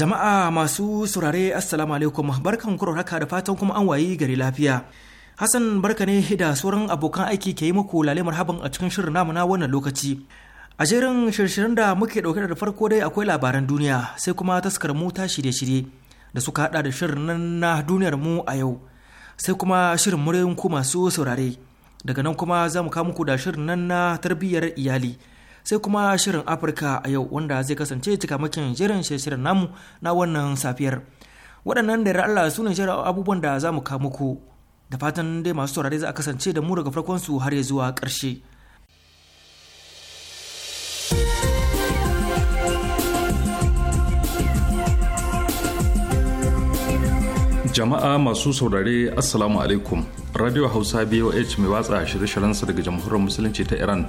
Jama'a masu saurare Assalamu alaikum barkan kuro haka da fatan kuma an wayi gari lafiya. Hassan barka ne da sauran abokan aiki ke yi muku lale marhaban a cikin shirin namu na wannan lokaci. A jerin shirshirin da muke dauke da farko dai akwai labaran duniya sai kuma taskar mu ta shirye-shirye da suka hada da shirin nan na duniyar mu a yau. Sai kuma shirin muryoyin ku masu saurare. Daga nan kuma za mu kawo muku da shirin nan na tarbiyyar iyali. sai kuma shirin afirka a yau wanda zai kasance cikamakin jirin shirin namu na wannan safiyar waɗannan da Allah su ne shirin abubuwan da za mu muku da fatan dai masu saurare za a kasance da mu daga farkon su har ya zuwa ƙarshe jama'a masu saurare assalamu alaikum radio hausa boh mai watsa shirye-shiryensa daga jamhuriyar musulunci ta iran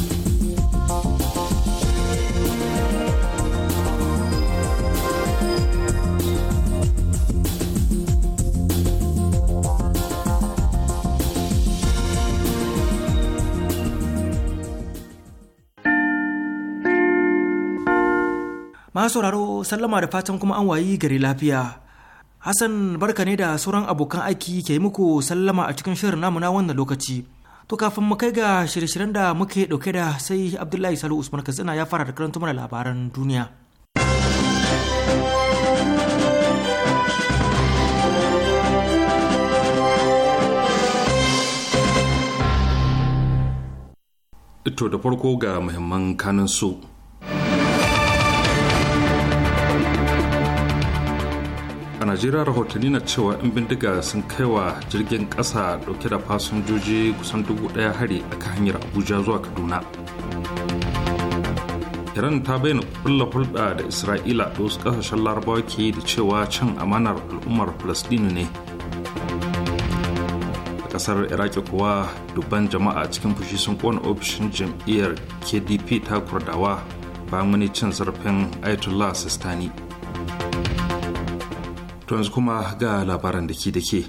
masu sauraro sallama da fatan kuma an wayi gari lafiya hassan barka ne da sauran abokan aiki ke muku sallama a cikin shirin namu na wannan lokaci to kafin mu kai ga shirye-shiryen da muke dauke da sai abdullahi Salu usman katsina ya fara da karanta mana labaran duniya to da farko ga muhimman kanin su najeriya rahotanni na cewa 'yan bindiga sun kai wa jirgin kasa dauke da fasinjoji kusan dubu daya hari a kan hanyar abuja zuwa kaduna iran ta bayyana kulla hulɗa da isra'ila da wasu ƙasashen larabawa ke da cewa cin amanar al'ummar palestine ne a ƙasar iraki kuwa dubban jama'a cikin fushi sun kona ofishin jam'iyyar kdp ta kurdawa bayan wani cin zarafin ayatollah sistani to yanzu kuma ga labaran da ke da ke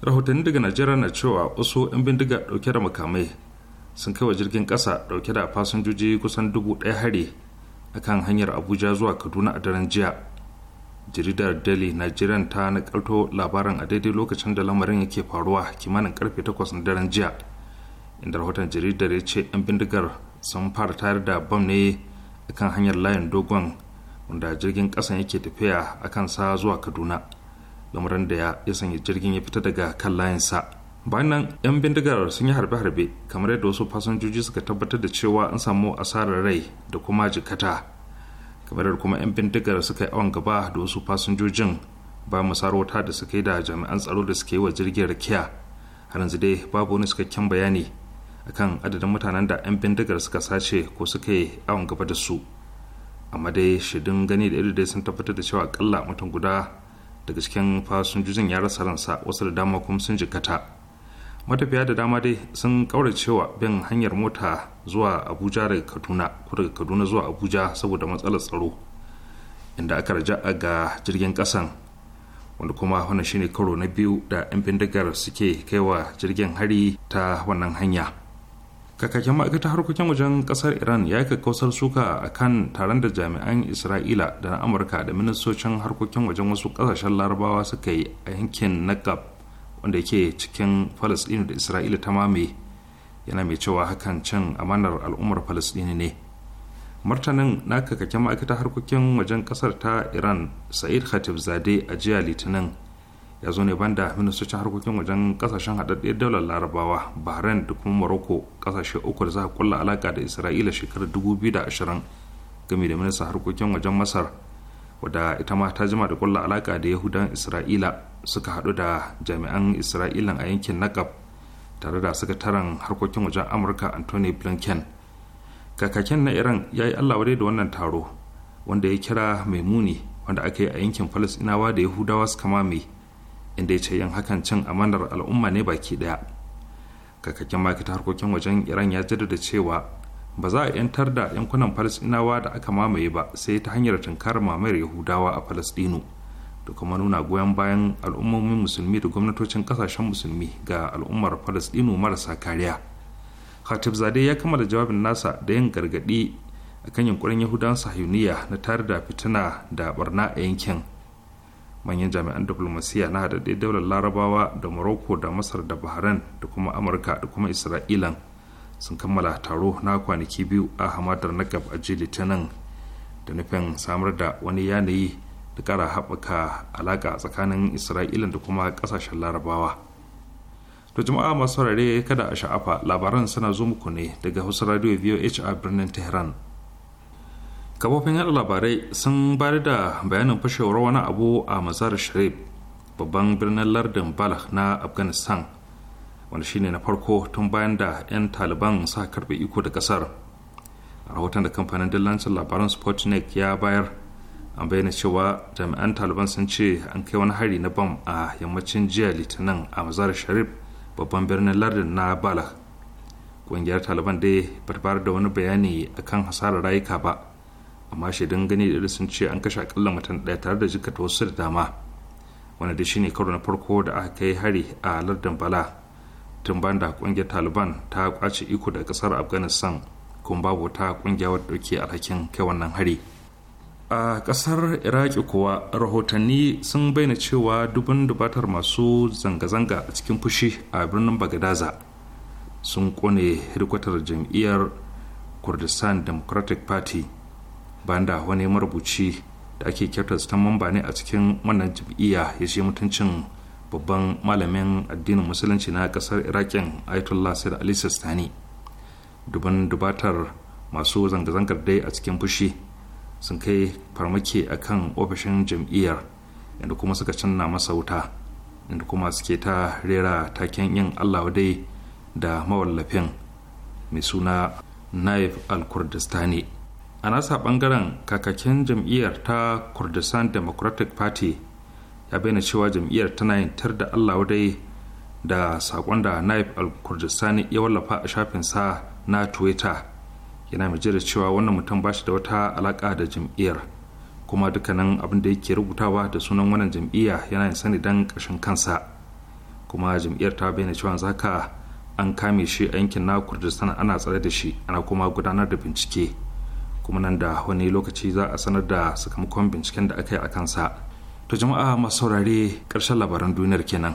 rahotanni daga najeriya na cewa wasu 'yan bindiga ɗauke da makamai sun kai wa jirgin ƙasa ɗauke da fasinjoji kusan dubu ɗaya hari kan hanyar abuja zuwa kaduna a daren jiya jaridar daily nigerian ta nakalto labaran a daidai lokacin da lamarin yake faruwa kimanin karfe 8 na daren jiya inda rahoton jaridar ya ce 'yan bindigar sun fara tayar da bam ne akan hanyar layin dogon wanda jirgin kasan yake tafiya a kan sa zuwa kaduna lamarin da ya sanya jirgin ya fita daga kan layinsa bayan nan 'yan bindigar sun yi harbe-harbe kamar yadda wasu fasinjoji suka tabbatar da cewa an samu asarar rai da kuma jikata kamar yadda kuma 'yan bindigar suka yi awon gaba da wasu fasinjojin ba musarauta da suka yi da jami'an tsaro da suke yi wa jirgin rakiya har yanzu dai babu wani cikakken bayani akan adadin mutanen da 'yan bindigar suka sace ko suka yi awon gaba da su amma dai shidin gani da dai sun tabbatar da cewa akalla mutum guda daga cikin fasinjojin ya rasa ransa wasu da dama kuma sun jikata matafiya da dama dai sun wa bin hanyar mota zuwa abuja daga kaduna ko daga kaduna zuwa abuja saboda matsalar tsaro inda aka raja ga jirgin kasan wanda kuma wannan shine karo na biyu da 'yan bindigar suke kaiwa jirgin hari ta wannan hanya. kakakin ma'aikatar harkokin wajen kasar iran ya yi kakkausar suka a kan taron da jami'an isra'ila da na amurka da ministocin harkokin wajen wasu kasashen larabawa suka yi a yankin naqab wanda ke cikin falasdini da isra'ila ta mame yana mai cewa hakan cin amanar al'ummar falasdini ne martanin na kakakin ma'aikatar harkokin wajen kasar ta iran sa'id khatib khatibzade a jiya litinin ya zo ne banda ministocin harkokin wajen kasashen haɗaɗɗiyar daular larabawa bahrain da kuma morocco kasashe uku da za a kulla alaƙa da isra'ila shekarar 2020 game da minista harkokin wajen masar wadda ita ma ta jima da kulla alaƙa da yahudan isra'ila suka haɗu da jami'an isra'ila a yankin nakab tare da sakataren harkokin wajen amurka anthony blinken kakaken na iran ya yi allah da wannan taro wanda ya kira mai muni wanda aka yi a yankin falasinawa da yahudawa kama mai inda ya ce yin hakan cin amanar al'umma ne baki daya kakakken makita harkokin wajen iran ya jaddada cewa ba za a 'yantar da yankunan falasɗinawa da aka mamaye ba sai ta hanyar tunkarar mamayar yahudawa a falasɗinu da kuma nuna goyon bayan al'ummomin musulmi da gwamnatocin kasashen musulmi ga al'ummar falastinu marasa kariya khatib zade ya kammala jawabin nasa da yin gargaɗi akan yankunan yahudan sahiyuniya na tare da fitina da barna a yankin manyan jami'an diflomasiyya na haɗaɗɗe daular larabawa da morocco da masar da bahrain da kuma amurka da kuma isra'ilan sun kammala taro na kwanaki biyu a hamadar nakab a ji litinin da nufin samar da wani yanayi da kara haɓaka alaƙa tsakanin isra'ilan da kuma ƙasashen larabawa to jama'a masu rare kada a sha'afa labaran suna zo muku ne daga hausa radio voh a birnin tehran kafofin yada labarai sun bayar da bayanin fashewar wani abu a mazar sharif babban birnin lardin balak na afghanistan wanda shine na farko tun bayan da 'yan taliban sa karbe iko da kasar a rahoton da kamfanin dillancin labaran sputnik ya bayar an bayyana cewa jami'an taliban sun ce an kai wani hari na bam a yammacin jiya litinin a mazar sharif babban birnin lardin na balak ƙungiyar taliban dai bata bar da wani bayani akan hasarar rayuka ba amma don gani da sun ce an kashe akalla mutum ɗaya tare da jikata wasu da dama wanda da shine karo na farko da aka kai hari a lardin bala tun ban da kungiyar taliban ta kwace iko da kasar afghanistan kuma babu ta kungiya wadda dauke alhakin kai wannan hari a kasar iraki kuwa rahotanni sun bayyana cewa dubin dubatar masu zanga-zanga a cikin fushi a birnin bagadaza sun kone hirkwatar jam'iyyar kurdistan democratic party bayan da wani marubuci da ake kyautar ta mamba ne a cikin wannan jam'iyya ya shi mutuncin babban malamin addinin musulunci na kasar iraƙin ayatollah said ali sistani duban dubatar masu zanga-zangar dai a cikin fushi sun kai farmaki a kan ofishin jam'iyyar inda kuma suka canna masa wuta inda kuma suke ta rera taken yin allah dai da mawallafin mai suna naif al-kurdistani a nasa bangaren kakakin jam'iyyar ta kurdistan democratic party ya bayyana cewa jam'iyyar tana yin tar da allah wadai da sakon da naif al-kurdistani ya wallafa a shafinsa na twitter yana mai da cewa wannan mutum ba shi da wata alaka da jam'iyyar kuma dukkanin abin da yake rubutawa da sunan wannan jam'iyya yana yin sani dan kashin kansa kuma jam'iyyar ta bayyana cewa zaka an kame shi a yankin na kurdistan ana tsare da shi ana kuma gudanar da bincike kuma nan da wani lokaci za a sanar da sakamakon binciken da aka yi a kansa to jama'a masu saurare ƙarshen labaran duniyar kenan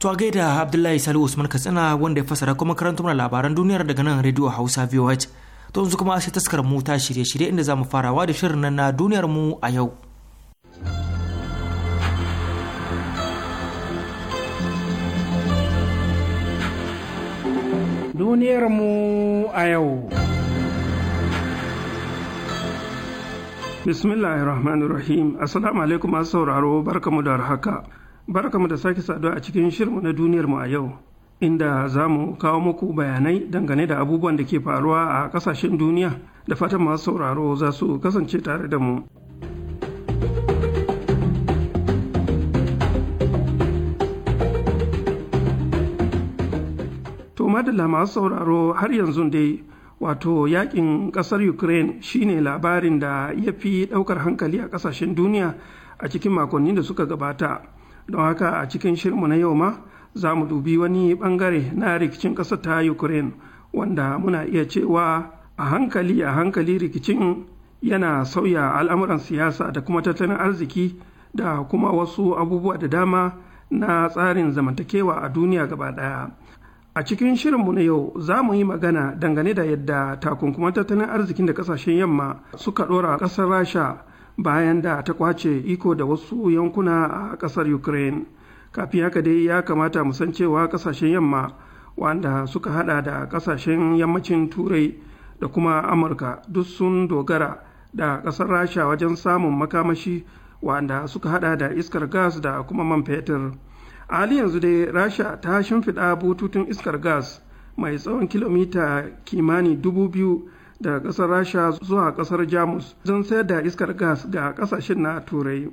to a gaida abdullahi salu usman katsina wanda ya fasara kuma karantar labaran duniyar daga nan rediyo hausa voh to yanzu kuma sai taskar mu ta shirye-shirye inda za mu farawa da shirin nan na duniyar mu a yau. Duniyarmu a yau. Bismillahirrahmanirrahim. Assalamu alaikum masu sauraro mu da haka. Barka-mu da sake saduwa a cikin shirmu na duniyarmu a yau. Inda za mu kawo muku bayanai dangane da abubuwan da ke faruwa a kasashen duniya da fatan masu sauraro za su kasance tare da mu. madalla masu sauraro har yanzu dai wato yakin kasar ukraine shine labarin da ya fi daukar hankali a kasashen duniya a cikin makonni da suka gabata don haka a cikin shirmu na yau ma za mu dubi wani bangare na rikicin kasar ta ukraine wanda muna iya cewa a hankali a hankali rikicin yana sauya al'amuran siyasa da kuma tattalin arziki da kuma wasu abubuwa da dama na tsarin zamantakewa a duniya gaba ɗaya. A cikin shirinmu na yau za mu yi magana dangane da yadda takunkuman tattalin arzikin da kasashen yamma suka ɗora ƙasar Rasha bayan da ta kwace iko da wasu yankuna a ƙasar Ukraine. Kafin haka dai ya kamata mu san cewa ƙasashen yamma wanda suka hada da ƙasashen yammacin Turai da kuma Amurka duk sun dogara da ƙasar Rasha wajen samun makamashi wanda suka hada da iskar gas da kuma man fetur. a hali yanzu dai rasha ta shimfiɗa bututun iskar gas mai tsawon kilomita kimani dubu biyu daga ƙasar rasha zuwa ƙasar jamus don sayar da iskar gas ga ƙasashen na turai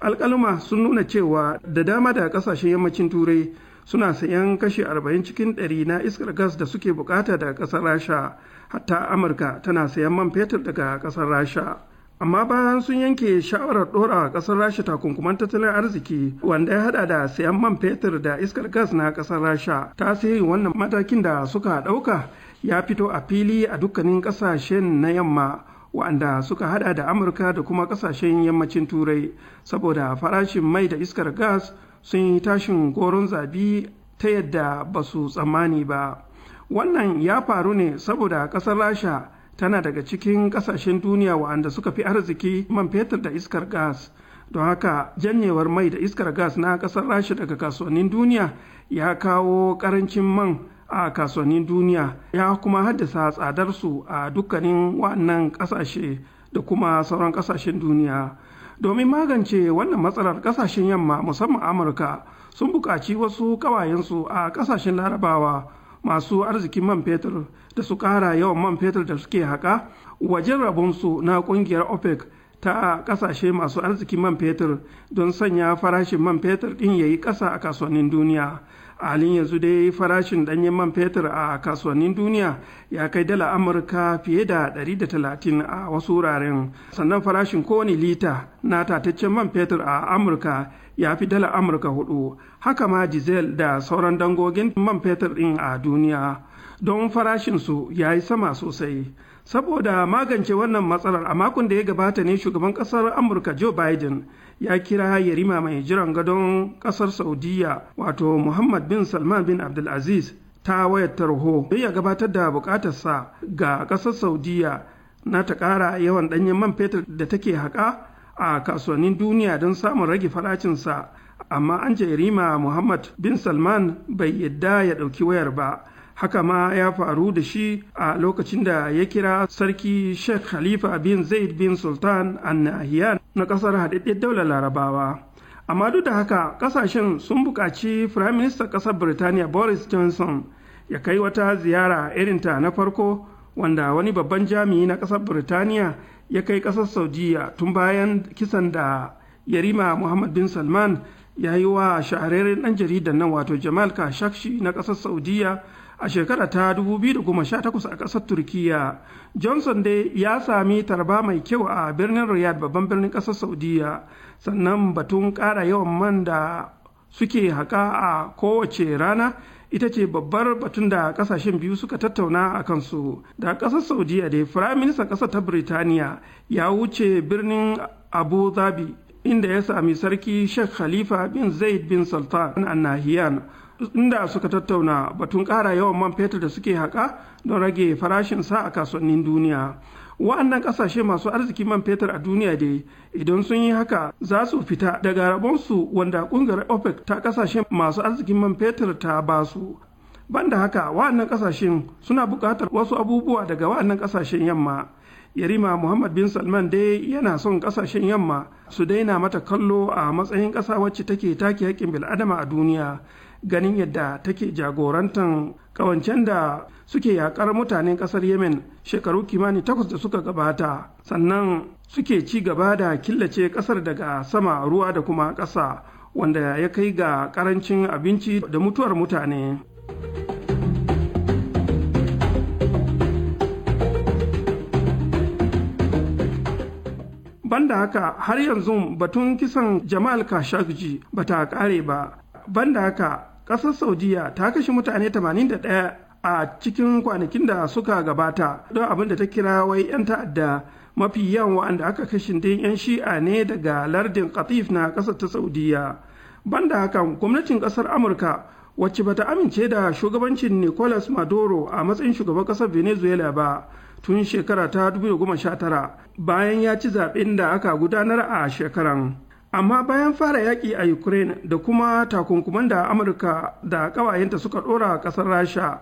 alƙaluma sun nuna cewa da dama da ƙasashen yammacin turai suna sayan kashi 40 cikin 100 na iskar gas da suke bukata daga ƙasar rasha hatta amurka tana sayan man fetur daga ƙasar rasha amma bayan sun yanke shawarar dora kasar rasha takunkuman tattalin arziki wanda ya hada da sayan man fetur da iskar gas na kasar rasha tasirin wannan matakin da suka dauka ya fito a fili a dukkanin kasashen na yamma wanda suka hada da amurka da kuma kasashen yammacin turai saboda farashin mai da iskar gas sun yi tashin goron zabi ta yadda ba su tsammani ba wannan ya faru ne saboda kasar rasha tana daga cikin kasashen duniya wa'anda suka fi arziki man fetur da iskar gas don haka janyewar mai da iskar gas na kasar rashi daga kasuwannin duniya ya kawo karancin man a kasuwannin duniya ya kuma haddasa tsadarsu a dukkanin wannan kasashe da kuma sauran kasashen duniya domin magance wannan matsalar kasashen yamma musamman amurka sun buƙaci wasu ƙawayensu a kasashen larabawa masu arzikin man fetur da su ƙara yawan man fetur da suke haƙa wajen rabonsu na ƙungiyar opec ta kasashe masu arzikin man fetur don sanya farashin man fetur din ya yi ƙasa a kasuwannin duniya halin yanzu dai farashin ɗanyen man fetur a kasuwannin duniya ya kai dala amurka fiye da 130 a wasu wuraren sannan farashin kowane lita na tataccen man fetur a amurka ya fi dala amurka hudu haka ma diesel da sauran dangogin man fetur ɗin a duniya don farashinsu ya yi sama sosai saboda magance wannan matsalar a makon da ya gabata ne shugaban kasar amurka joe biden ya kira yarima mai jiran gadon kasar saudiya wato muhammad bin salman bin abdulaziz ta wayar tarho don ya gabatar da bukatarsa ga ƙasar saudiya na ta kara yawan ɗanyen man fetur da take haƙa a kasuwannin duniya don samun rage faracinsa amma an jerima muhammad bin salman bai yadda ya ɗauki wayar ba haka ma ya faru da shi a lokacin da ya kira sarki sheikh khalifa bin zaid bin sultan an nahiyan na ƙasar haɗaɗɗen daular larabawa amma duk da haka ƙasashen sun buƙaci firayim ƙasar birtaniya boris johnson ya kai wata ziyara irinta na farko wanda wani babban jami'i na ƙasar birtaniya ya kai ƙasar saudiya tun bayan kisan da yarima muhammad bin salman ya yi wa shahararren ɗan jaridan nan wato jamal kashakshi na ƙasar saudiya a shekara ta 2018 a ƙasar turkiya johnson dai ya sami tarba mai kyau a birnin riyad babban birnin ƙasar saudiya sannan batun ƙara yawan man da suke haƙa a kowace rana ita ce babbar batun da kasashen biyu suka tattauna a kansu da ƙasar saudiya da firaministan ƙasar ta birtaniya ya wuce birnin abu dhabi inda ya sami sarki sheikh khalifa bin zaid bin sultan an nahiyan inda suka tattauna batun kara yawan man fetur da suke haƙa don rage farashin sa a kasuwannin duniya wa'annan kasashe masu arziki man fetur a duniya dai idan sun yi haka za su fita daga rabonsu wanda kungiyar opec ta kasashe masu arzikin man fetur ta basu banda haka wa'annan kasashen suna buƙatar wasu abubuwa daga wa'annan kasashen yamma yarima muhammad bin salman dai yana son kasashen yamma su daina mata kallo a matsayin ƙasa wacce take take haƙƙin bil'adama a duniya ganin yadda take jagorantan kawancen da suke yakar mutanen kasar yemen shekaru kimani takwas da suka gabata sannan suke ci gaba da killace kasar daga sama ruwa da kuma ƙasa wanda ya kai ga ƙarancin abinci da mutuwar mutane banda haka har yanzu batun kisan jamal khashoggi bata kare ba banda haka ƙasar saudiya ta kashe mutane 81 a cikin kwanakin da suka gabata don abin da ta kira wai 'yan ta'adda mafi yawan wa'anda aka kashin din 'yan shi'a ne daga lardin katif na ƙasar ta saudiya banda hakan gwamnatin ƙasar amurka wacce bata amince da shugabancin nicolas maduro a matsayin shugaban ƙasar venezuela ba tun shekara ta 2019 bayan ya ci zaɓen da aka gudanar a shekaran. Amma bayan fara yaki a Ukraine da kuma takunkuman da Amurka da ƙawayenta suka ɗora a ƙasar Rasha,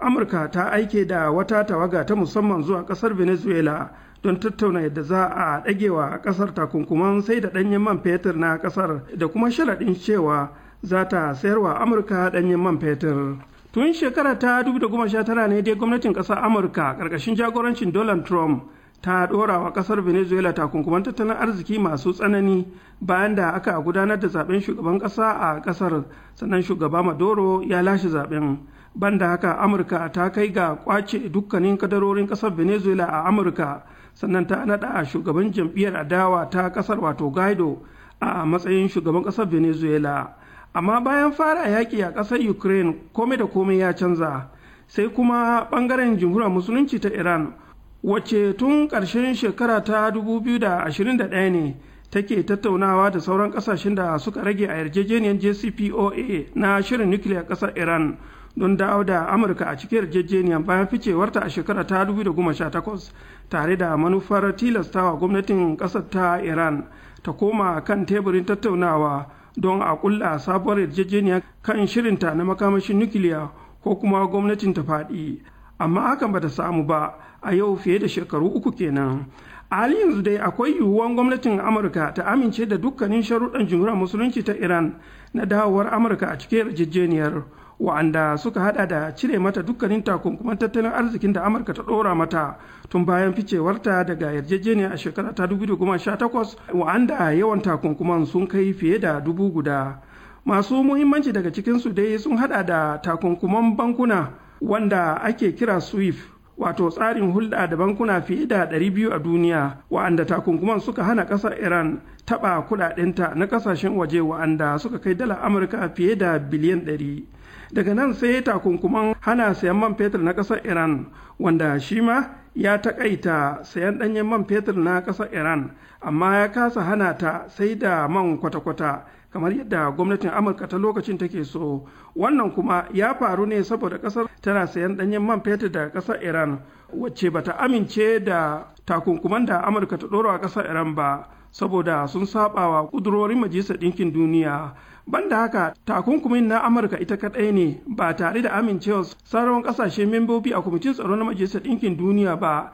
amurka ta aike da wata tawaga ta musamman zuwa ƙasar venezuela don tattauna yadda za a ɗagewa ƙasar takunkuman sai da ɗanyen man fetur na ƙasar da kuma sharaɗin cewa za ta sayarwa amurka ɗanyen man fetur tun shekara ta 2019 ne dai gwamnatin ƙasar amurka ƙarƙashin jagorancin donald trump ta dorawa wa ƙasar venezuela takunkuman tattalin arziki masu tsanani bayan da aka gudanar da zaben shugaban kasa a kasar sannan shugaba maduro ya lashe zaben banda haka amurka ta kai ga kwace dukkanin kadarorin kasar venezuela a amurka sannan ta naɗa shugaban jam'iyyar adawa ta kasar wato guaido a matsayin shugaban kasar venezuela amma bayan fara yaki a kasar ukraine kome da kome ya canza sai kuma bangaren jimhuriyar musulunci ta iran wacce tun ƙarshen shekara ta 2021 ne take tattaunawa da sauran ƙasashen da suka rage a yarjejeniyar jcpoa na shirin nukiliya ƙasar iran don dawo da amurka a cikin yarjejeniyar bayan ficewarta a shekara ta 2018 tare da manufar tilastawa gwamnatin ƙasar ta iran ta koma kan teburin tattaunawa don a kulla sabuwar yarjejeniyar kan shirinta na makamashin nukiliya ko kuma gwamnatin ta faɗi amma hakan bata samu ba a yau fiye da shekaru uku kenan a yanzu dai akwai yiwuwan gwamnatin amurka ta amince da dukkanin sharuɗan jimhuriyar musulunci ta iran na dawowar amurka a cikin yarjejeniyar wa'anda suka hada da cire mata dukkanin takunkuman tattalin arzikin da amurka ta ɗora mata tun bayan ficewarta daga yarjejeniyar a shekara ta 2018 wa'anda yawan takunkuman sun kai fiye da dubu guda masu muhimmanci daga cikinsu dai sun hada da takunkuman bankuna wanda ake kira swift wato tsarin hulɗa da bankuna fiye da 200 a duniya wa'anda takunkuman suka hana ƙasar iran taɓa kuɗaɗenta na ƙasashen waje wa'anda suka kai dala amurka fiye da biliyan 100 daga nan sai takunkuman hana sayan man fetur na ƙasar iran wanda shi ma ya taƙaita sayan ɗanyen man fetur na ƙasar iran amma ya kasa hana ta sai da man kwata-kwata kamar yadda gwamnatin amurka ta lokacin take so wannan kuma ya faru ne saboda kasar tana sayan danyen man fetur daga kasar iran wacce bata amince da takunkuman da amurka ta ɗora a kasar iran ba saboda sun saba wa kudurorin majalisar ɗinkin duniya banda haka takunkumin na amurka ita kaɗai ne ba tare da amincewa sauran ƙasashe membobi a kwamitin tsaro na majalisar ɗinkin duniya ba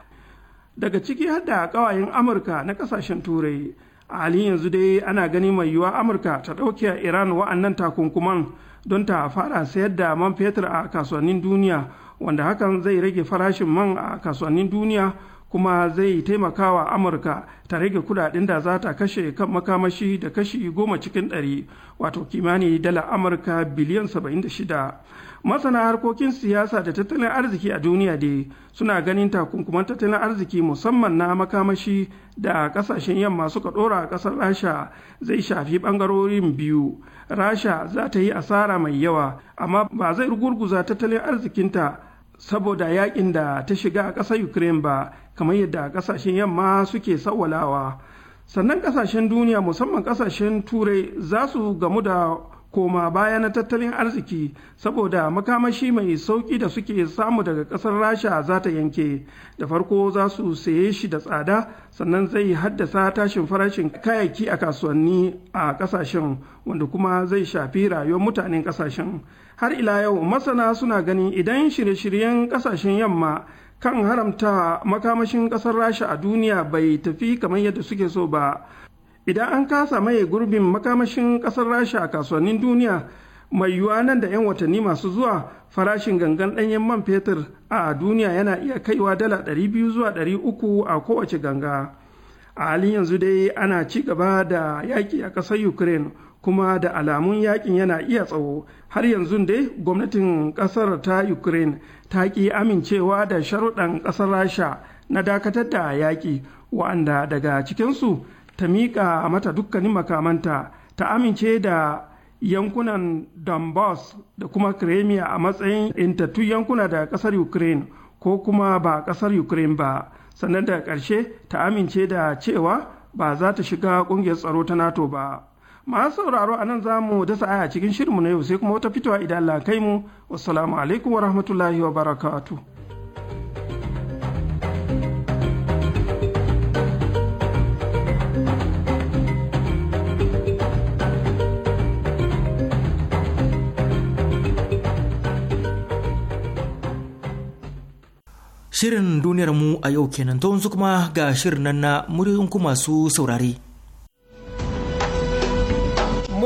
daga ciki har da ƙawayen amurka na ƙasashen turai a halin yanzu dai ana gani mai yiwuwa amurka ta ɗauke iran wa'annan takunkuman don ta fara sayar da man fetur a kasuwannin duniya wanda hakan zai rage farashin man a kasuwannin duniya kuma zai taimakawa amurka ta rage kudaden da za ta kashe kan makamashi da kashi goma cikin ɗari wato kimani dala amurka biliyan 76 masana harkokin siyasa da tattalin arziki a duniya dai suna ganin takunkuman tattalin arziki musamman na makamashi da kasashen yamma suka dora a kasar rasha zai shafi bangarorin biyu rasha za ta yi asara mai yawa amma ba zai gurguza tattalin arzikinta saboda yakin da ta shiga a ƙasar ukraine ba kamar yadda kasashen yamma suke sawwalawa sannan kasashen duniya musamman kasashen turai za su gamu da koma baya na tattalin arziki saboda makamashi mai sauƙi da suke samu daga ƙasar rasha za ta yanke da farko za su saye shi da tsada sannan zai haddasa tashin farashin kayayyaki a kasuwanni a ƙasashen wanda kuma zai shafi rayuwar mutanen ƙasashen har ila yau masana suna ganin idan shirye-shiryen ƙasashen yamma kan haramta makamashin ƙasar rasha a duniya bai tafi kamar yadda suke so ba idan an kasa maye gurbin makamashin ƙasar rasha a kasuwannin duniya mai yiwuwa nan da 'yan watanni masu zuwa farashin gangan ɗanyen man fetur a duniya yana iya kaiwa dala 200 zuwa 300 a kowace ganga a halin yanzu dai ana ci gaba da yaƙi a ƙasar ukraine kuma da alamun yakin yana iya tsawo har yanzu dai gwamnatin kasar ta ukraine ta ki amincewa da sharuɗan ƙasar rasha na dakatar da yaƙi wa'anda daga cikinsu ta miƙa mata dukkanin makamanta ta amince da yankunan donbass da kuma crimea a matsayin intattu yankuna da ƙasar ukraine ko kuma ba ƙasar ukraine ba sannan da ƙarshe ta amince da cewa ba za ta shiga ƙungiyar tsaro ta nato ba masu sauraro a nan za mu dasa aya cikin shirinmu na yau sai kuma wata fitowa idan Allah kai mu wassalamu alaikum wa rahmatullahi wa barakatu. Shirin duniyar mu a yau kenan to yanzu kuma ga shirin nan na muryoyinku masu saurare.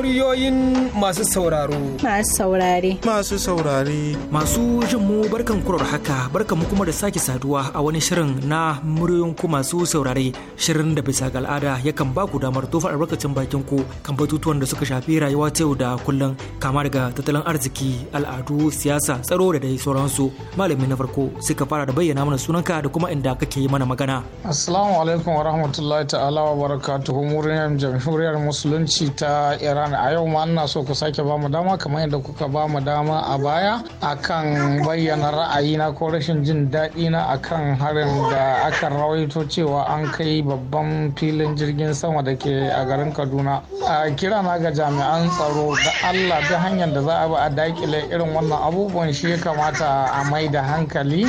muryoyin masu sauraro. Masu saurare. Masu saurare. Masu jin mu barkan kurar haka barkan mu kuma da sake saduwa a wani shirin na muryoyin ku masu saurare shirin da bisa ga al'ada yakan ba ku damar tofa albarkacin bakin ku kan batutuwan da suka shafi rayuwa ta yau da kullum kama daga tattalin arziki al'adu siyasa tsaro da dai sauransu malami na farko sai ka fara da bayyana mana sunanka da kuma inda kake yi mana magana. Assalamu alaikum wa rahmatullahi ta'ala wa barakatuhu muryoyin jamhuriyar musulunci ta Iran a yau ma ana so ku sake bamu dama kamar yadda kuka bamu dama a baya akan bayyana ra'ayina ko rashin jin daɗi na akan harin da aka rawaito cewa an kai babban filin jirgin sama da ke a garin kaduna a kira na ga jami'an tsaro da allah ta hanyar da za a bi a dakile irin wannan abubuwan shi ya kamata a mai da hankali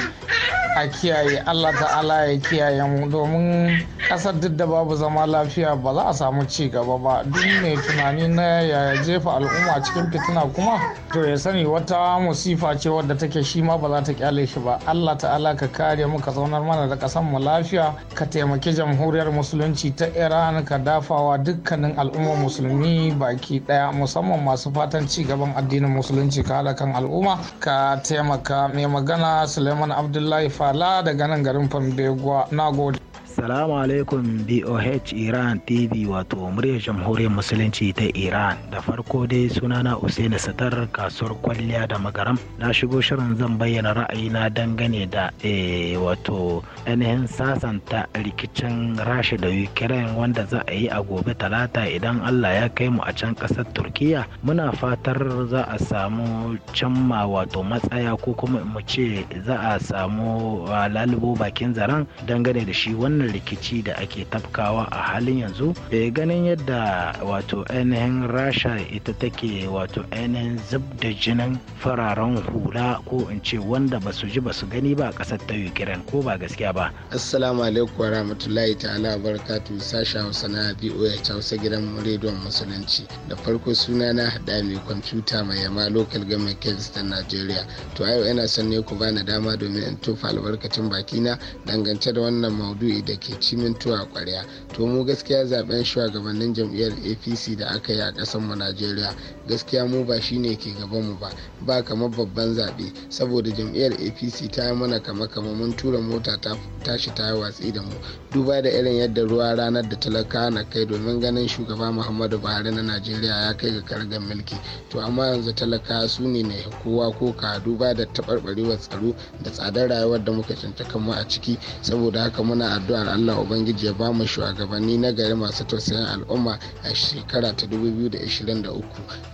a kiyaye allah ta'ala ya kiyaye mu domin ƙasar duk da babu zama lafiya ba za a samu ci gaba ba duk mai tunani na ya jefa al'umma cikin fitina kuma to ya sani wata musifa ce wadda take shi ma ba za ta kyale shi ba Allah ta'ala ka kare mu ka zaunar mana da kasan mu lafiya ka taimaki jamhuriyar musulunci ta Iran ka dafawa dukkanin al'umma musulmi baki daya musamman masu fatan ci gaban addinin musulunci ka hada kan al'umma ka taimaka mai magana Suleiman Abdullahi Fala daga nan garin na nagode Salamu alaikum BOH Iran TV wato muryar jamhuriyar musulunci ta Iran da farko dai sunana Usaini Satar kasuwar kwalliya da magaram na shigo shirin zan bayyana ra'ayina dangane da eh, wato ainihin sasanta rikicin rasha da Ukraine wanda za a yi a gobe talata idan Allah ya kai mu a can ƙasar Turkiya muna fatar za a samu cimma wato matsaya ko kuma mu ce za a samu lalubo bakin zaren dangane da shi wannan wannan rikici da ake tafkawa a halin yanzu ganin yadda wato ainihin rasha ita take wato ainihin zub da jinin fararen hula ko in ce wanda ba su ji ba su gani ba kasar ta ukraine ko ba gaskiya ba assalamu alaikum warahmatullahi ta'ala barakatu sasha hausa na boa hausa gidan rediyon musulunci da farko suna na hada mai kwamfuta mai yama local government kingston nigeria to a yau ina son ne ku bani dama domin in tofa albarkacin bakina dangance da wannan maudu'i da ke cimintuwa kwarya to mu gaskiya zaben shugabannin jam'iyyar apc da aka yi a ƙasar mu najeriya gaskiya mu ba shine ke gaban mu ba ba kamar babban zaɓe saboda jam'iyyar apc ta yi mana kama kama mun tura mota ta tashi ta yi watsi da mu duba da irin yadda ruwa ranar da talaka na kai domin ganin shugaba muhammadu buhari na najeriya ya kai ga kargan mulki to amma yanzu talaka su ne ne kowa ko ka duba da taɓarɓarewar tsaro da tsadar rayuwar da muka cancaka mu a ciki saboda haka muna addu'a addu'ar Allah Ubangiji ya ba mu shugabanni na gari masu tausayin al'umma a shekara ta 2023.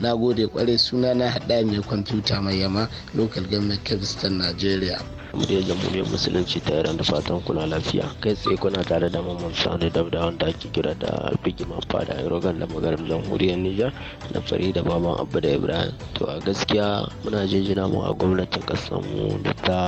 Na gode kwarai suna na haɗa mai kwamfuta mai yama local government Kebistan Nigeria. muryar jamhuriyar musulunci ta iran da fatan kuna lafiya kai tsaye kuna tare da mamman sani da wanda ake kira da bigiman fada rogan da magarin jamhuriyar nijar da fari da baban abu da ibrahim to a gaskiya muna jinjina mu a gwamnatin kasar mu da ta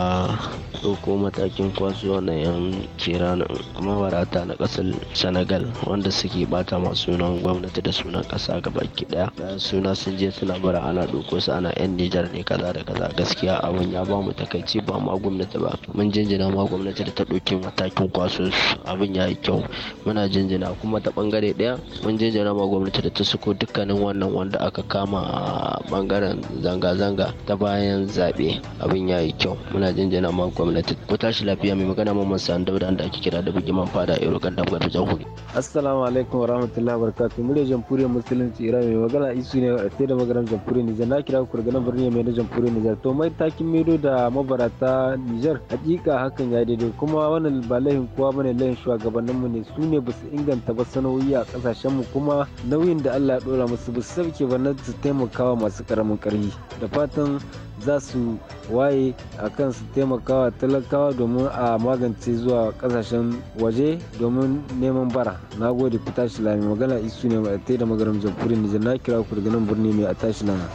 ɗauko matakin kwaso na yan kiran mawarata na kasar senegal wanda suke bata ma sunan gwamnati da sunan kasa gabaki daya bayan suna sun je suna bara ana ɗauko su ana yan nijar ne kaza da kaza gaskiya abun ya ba mu takaici ba ma gwamnati ba mun jinjina ma gwamnati da ta ɗauki matakin kwaso abin ya yi kyau muna jinjina kuma ta ɓangare ɗaya mun jinjina ma gwamnati da ta suko dukkanin wannan wanda aka kama a ɓangaren zanga-zanga ta bayan zaɓe abin ya yi kyau muna jinjina ma gwamnati ku tashi lafiya mai magana mamman sa'an dauda da ake kira da bigiman fada a irokan dabgar da jamhuri assalamu alaikum wa wa warahmatullahi wabarakatuh murya jamhuriyar musulunci iran mai magana isu ne a tsaye da magaran jamhuriyar nijar na kira ku daga nan birni mai na jamhuriyar nijar to mai takin medo da mabarata Nijar hakika hakan ya daidai kuma wannan ba laihin kowa bane laihin shugabanninmu ne su ne basu inganta ba sanoyi a kasashen mu kuma nauyin da Allah ya dora musu ba su sauke ba na su taimakawa masu karamin karfi da fatan za su waye a kan su taimakawa talakawa domin a magance zuwa kasashen waje domin neman bara na gode ku tashi lami magana isu ne mai da magaram jamhuriyar nijar na kira ku daga nan birni mai a tashi lana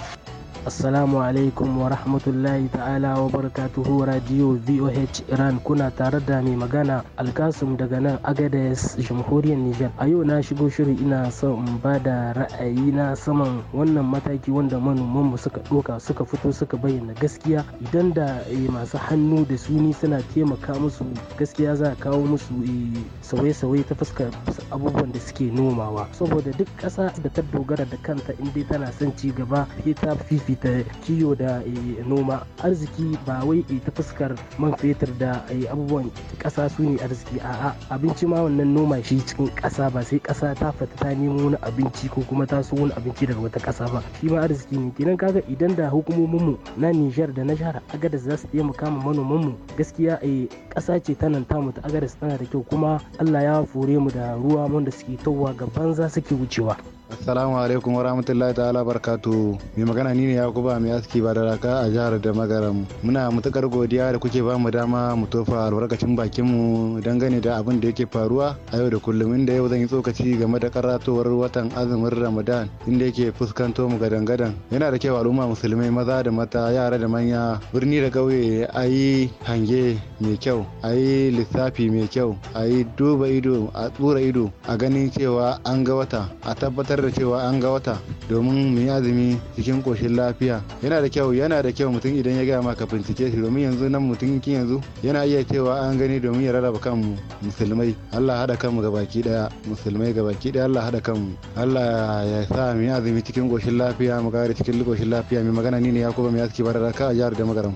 Assalamu alaikum wa rahmatullahi ta'ala wa barakatuhu Radio VOH Iran kuna tare da mai magana Alkasum daga nan Agadez Jamhuriyar Nijar. A yau na shigo shirin ina son in ba da ra'ayi na saman wannan mataki wanda manoman mu suka ɗoka suka fito suka bayyana gaskiya idan da eh, masu hannu da suni suna taimaka musu gaskiya za a kawo musu eh, sauye-sauye ta fuskar abubuwan da suke nomawa saboda duk ƙasa da ta dogara da kanta in dai tana son ci gaba fiye ta ta kiyo da eh, noma arziki ba wai eh, ta fuskar man fetur da eh, abubuwan ƙasa su ne arziki a'a abinci ma wannan noma shi cikin kasa ba sai ƙasa ta fata ta nemo wani abinci ko kuma ta so wani abinci daga wata ƙasa ba shi ma arziki ne kenan kaga idan da hukumomin mu na Nijar da na jihar Agadez za su iya manoman mu gaskiya a ƙasa ce ta nan tamu ta Agadez tana da kyau kuma Allah ya fore mu da ruwa wanda suke towa gaban za suke wucewa. Assalamu alaikum warahmatullahi ta'ala barkatu. Mai magana ni ne Yakuba mai aski ba da raka a jihar da magaram. Muna matukar godiya da kuke bamu dama mu tofa albarkacin bakin mu dangane da abin da yake faruwa a yau da kullum inda yau zan yi tsokaci game da karatowar watan azumin Ramadan inda yake fuskanto mu gadan-gadan. Yana da kyau al'umma musulmai maza da mata yara da manya birni da ƙauye a yi hange mai kyau a yi lissafi mai kyau a yi duba ido a tsura ido a ganin cewa an ga wata a tabbatar tabbatar da cewa an ga wata domin mu yi azumi cikin koshin lafiya yana da kyau yana da kyau mutum idan ya gaya ma ka bincike shi domin yanzu nan mutum kin yanzu yana iya cewa an gani domin ya rarraba kanmu musulmai Allah haɗa kanmu gabaki daya musulmai gabaki daya Allah haɗa kanmu Allah ya sa mu yi azumi cikin koshin lafiya mu kare cikin koshin lafiya mai magana ni ne Yakuba mai aski bararaka a jihar da magaran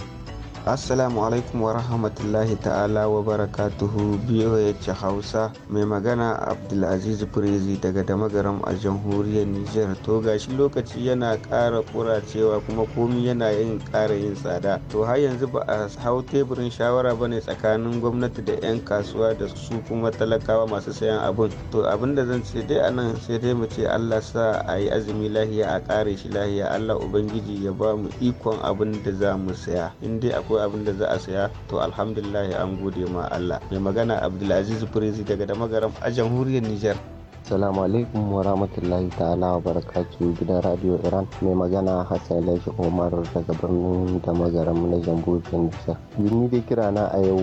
assalamu alaikum wa rahmatullahi ta'ala wa barakatuhu BOH Hausa mai magana Abdulaziz Firizi daga damagaram a jamhuriyar Nijar to gashi lokaci yana ƙara kuracewa kuma komi yana yin ƙara yin tsada to har yanzu ba a hau teburin shawara ba ne tsakanin gwamnati da 'yan kasuwa da su kuma talakawa masu sayan abun to abin da zan ce dai anan sai dai mu ce Allah sa a yi azumi lahiya a ƙare shi lahiya Allah ubangiji ya ba mu ikon abin da za mu saya in dai akwai akwai abin da za a saya to alhamdulillah an gode ma Allah mai magana Abdulaziz Firizi daga da magaram a jamhuriyar Nijar Assalamu alaikum wa rahmatullahi ta'ala wa barakatu gidan Radio Iran mai magana Hassan Lashi Omar daga birnin da magaram na jamhuriyar Nijar. Ni dai kira na a yau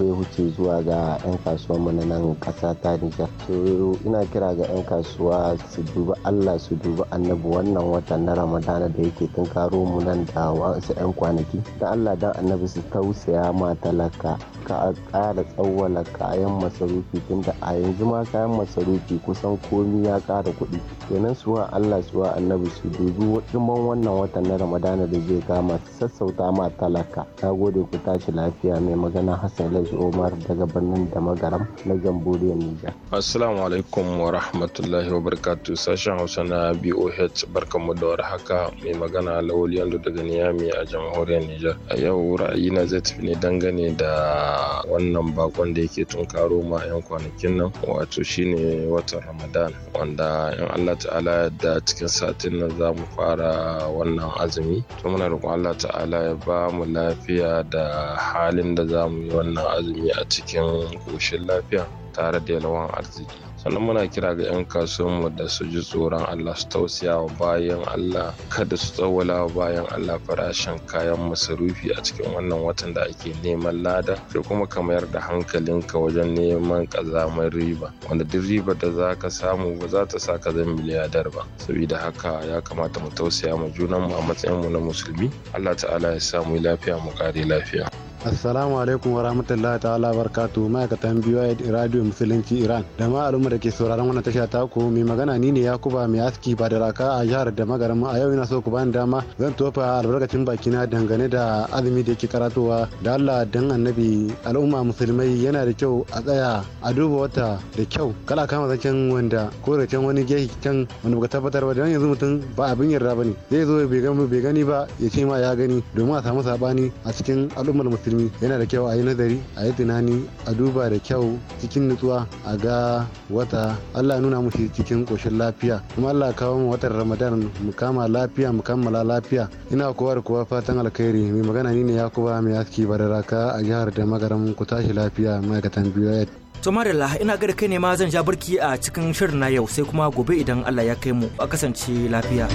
bai huce zuwa ga 'yan kasuwa mana nan kasa ta Nijar. To ina kira ga 'yan kasuwa su duba Allah su duba annabi wannan watan na Ramadana da yake tun karo mu nan da wasu 'yan kwanaki. Da Allah dan annabi su tausaya ma talaka ka a ƙara tsawwala kayan masarufi tunda a yanzu ma kayan masarufi kusan komi ya ƙara kuɗi kenan suwa allah suwa annabi su dubi ɗiman wannan watan na ramadana da zai kama sassauta ma talaka na gode ku tashi lafiya mai magana hassan laji omar daga birnin da magaram na jamhuriya nijar assalamu alaikum wa rahmatullahi wa barakatu sashen hausa na boh barkanmu da war haka mai magana lawali yanzu daga niyami a jamhuriyar nijar a yau ra'ayi na zai tafi ne dangane da wannan bakon da yake tunkaro ma 'yan kwanakin nan wato shine wata watan ramadan wanda in allah ta'ala yarda cikin satin nan zamu fara wannan azumi to muna roƙon allah ta'ala ya ba mu lafiya da halin da za mu yi wannan azumi a cikin ƙoshin lafiya tare da yalwan arziki sannan muna kira ga 'yan kasuwanmu da su ji tsoron allah su tausaya wa bayan allah kada su tsawala wa bayan allah farashin kayan masarufi a cikin wannan watan da ake neman lada sai kuma ka mayar da hankalinka wajen neman kazamar riba wanda duk ribar da za ka samu ba za ta sa ka zama miliyadar ba saboda haka ya kamata mu tausaya ma junanmu a matsayinmu na musulmi allah ta'ala ya sa muyi lafiya mu kare lafiya assalamu alaikum wa rahmatullahi ta'ala barkatu ma'aikatan biyu radio musulunci iran da ma al'umma da ke sauraron wannan tasha ta ku mai magana ni ne yakuba mai aski ba da raka a jihar da magaram a yau ina so ku bani dama zan tofa albarkacin bakina dangane da azumi da yake karatowa da allah dan annabi al'umma musulmai yana da kyau a tsaya a duba wata da kyau kala kama zancen wanda ko da wani gehi can wani baka tabbatar ba dan yanzu mutum ba abin yarda ne. zai zo bai gani ba ya ce ma ya gani domin a samu sabani a cikin al'ummar musulmai tunani yana da kyau a yi nazari a yi tunani a duba da kyau cikin nutsuwa a ga wata allah nuna mu cikin koshin lafiya kuma allah kawo mu watan ramadan mu kama lafiya mu kammala lafiya ina kowa da kowa fatan alkhairi mai magana ni ne yakuba mai aski raka a jihar da magaram ku tashi lafiya ma'aikatan biyu To Marilla ina ga kai ne ma zan ja barki a cikin shirin na yau sai kuma gobe idan Allah ya kai mu a kasance lafiya.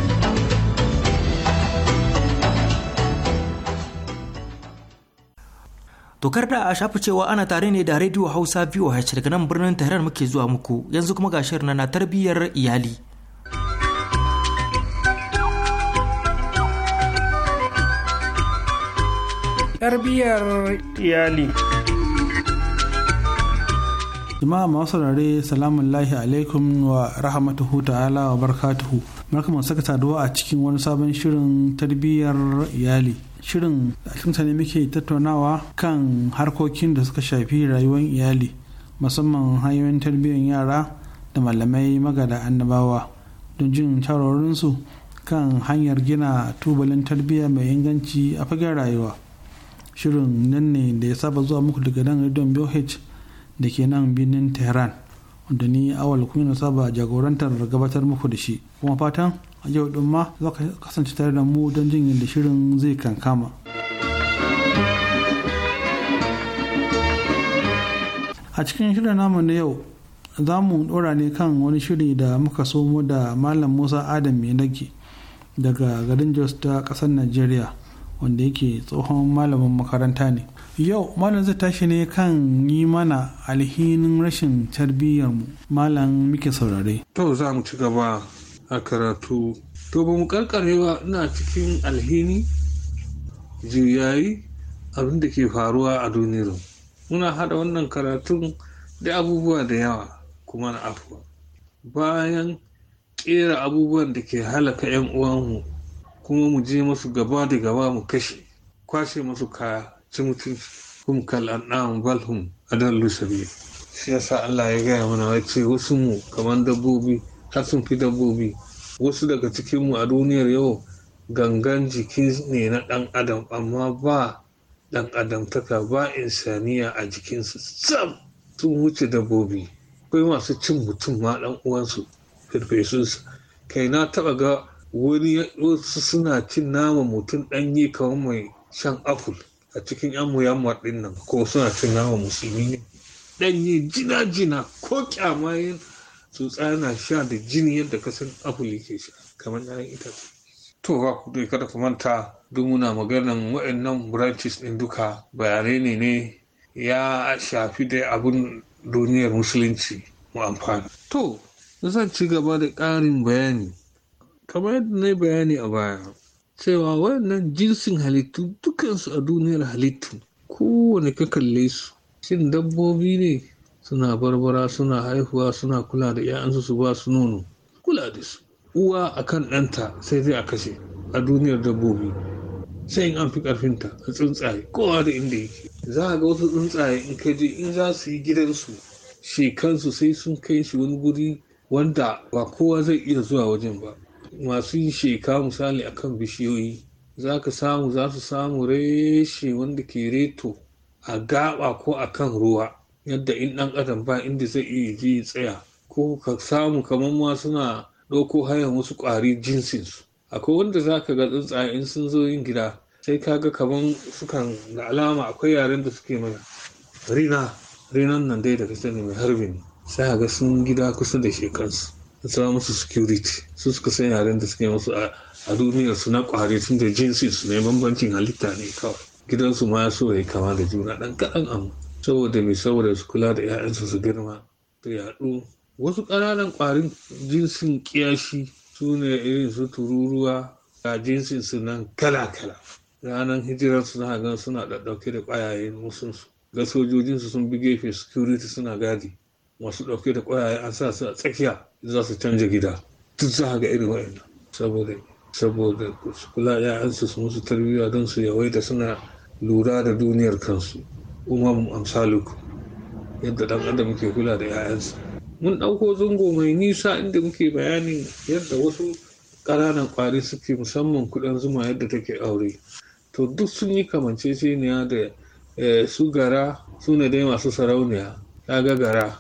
dokar da a shafi cewa ana tare ne da Radio Hausa VOH daga nan birnin Tehran muke zuwa muku yanzu kuma gashar na tarbiyyar iyali. Tarbiyyar iyali. Jama'a masu saurare salamun lahi alaikum wa rahmatuhu ta'ala wa barkatuhu. Barkamu saka saduwa a cikin wani sabon shirin tarbiyyar iyali. shirin a ne muke tattaunawa kan harkokin da suka shafi rayuwar iyali musamman hanyoyin tarbiyyar yara da malamai magada annabawa don jin shawarorinsu kan hanyar gina tubalin tarbiyya mai inganci a fagen rayuwa shirin nan ne da ya saba zuwa muku daga nan rediyon boh da ke nan birnin tehran wanda ni awal kuma na saba jagorantar gabatar muku da shi kuma fatan a yau ɗin ma za ka kasance tare da mu don jin yadda shirin zai kankama. a cikin shirin namu na yau za mu ɗora ne kan wani shiri da muka somo da malam musa adam nake daga garin jos ta ƙasar najeriya wanda yake tsohon malamin makaranta ne yau malam zai tashi ne kan yi mana alhinin rashin tarbiyyarmu malam muke saurare to za mu ci gaba a karatu to ba mu karkare ina cikin alhini juyayi abinda ke faruwa a duniyar muna hada wannan karatun da abubuwa da yawa kuma na afuwa bayan kera abubuwan da ke halaka 'yan uwanmu kuma mu je masu gaba da gaba mu kashe kwashe masu kaya ci mutunci hum kal an'am bal adallu sabil shi yasa Allah ya gaya mana wace wasu mu kamar dabbobi har sun fi dabbobi wasu daga cikinmu a duniyar yau gangan jiki ne na ɗan adam amma ba ɗan adamtaka ba insaniya a jikinsu sam sun wuce dabbobi akwai masu cin mutum ma ɗan uwansu firfesunsa kai na taɓa ga wani wasu suna cin nama mutum yi kamar mai shan aful a cikin yan muyammar ɗin nan ko suna cin nama musulmi ne ɗanye jina-jina ko kyamayin tsutsa na sha da jini yadda kasan apple ke sha kamar na itace to ba ku dai kada ku manta duk muna maganan waɗannan branches ɗin duka bayanai ne ne ya shafi dai abin duniyar musulunci mu amfana to zan ci gaba da ƙarin bayani kamar yadda na bayani a baya cewa waɗannan jinsin halittu dukansu a duniyar halittu kowane ka kalle su shin dabbobi ne suna barbara suna haihuwa suna kula da 'ya'yansu su ba su nono kula da su uwa a kan ɗanta sai zai a kashe a duniyar dabbobi sai in an fi ƙarfinta a tsuntsaye kowa da inda yake za a ga wasu tsuntsaye in ka je in za su yi gidansu shekansu sai sun kai shi wani guri wanda ba kowa zai iya zuwa wajen ba masu yi sheka misali akan bishiyoyi za ka samu za su samu reshe wanda ke reto a gaba ko a kan ruwa yadda in ɗan adam ba inda zai iya ji tsaya ko ka samu kamar ma suna ɗauko hayan wasu ƙwari jinsinsu akwai wanda za ka ga tsuntsaye in sun zo yin gida sai ka ga kamar sukan da alama akwai yaren da suke mana rina rinan nan dai daga sani mai harbin sai ka ga sun gida kusa da shekansu sa musu security su suka san yaren da suke musu a duniyar su na ƙwari tun da jinsin su ne bambancin halitta ne kawai gidansu ma so ya kama da juna ɗan kaɗan amma saboda mai saboda su kula da 'ya'yansu su girma ta yaɗu wasu ƙananan ƙwarin jinsin ƙiyashi su ne irin su tururuwa ga jinsin su nan kala-kala ranar hijirar suna gan suna ɗauke da ƙwayayen su, ga sojojinsu sun bi gefe security suna gadi masu ɗauke da ƙwayaye an sa su a tsakiya za su canja gida duk za ga irin wa'annan saboda saboda su kula 'ya'yansu su musu tarbiyya don su yawaita suna lura da duniyar kansu umamun amsaluku yadda dan adam ke kula da 'ya'yansa mun ɗauko zango mai nisa inda muke bayanin yadda wasu ƙananan ƙwari suke musamman kuɗin zuma yadda take aure to duk sun yi kamanceceniya da eh, su gara su dai masu sarauniya kaga gara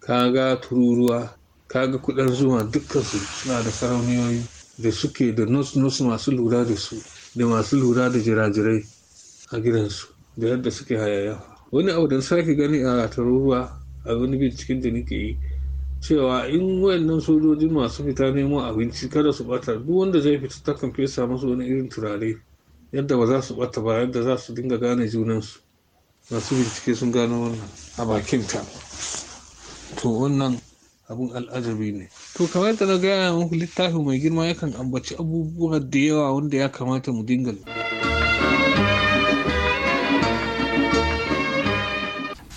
kaga tururuwa kaga kuɗin zuma dukkansu suna da sarauniyoyi da suke da nus-nus masu lura da su da masu lura da jirajirai a gidansu da yadda suke hayaya wani abu da sake gani a taruwa a wani binciken da nake yi cewa in wayannan sojoji masu fita nemo abinci kada su bata duk wanda zai fita takan fesa masu wani irin turare yadda ba za su bata ba yadda za su dinga gane junansu masu bincike sun gano wannan a bakin ta to wannan abun al'ajabi ne to kamar yadda na gaya muku littafin mai girma yakan ambaci abubuwa da yawa wanda ya kamata mu dinga lura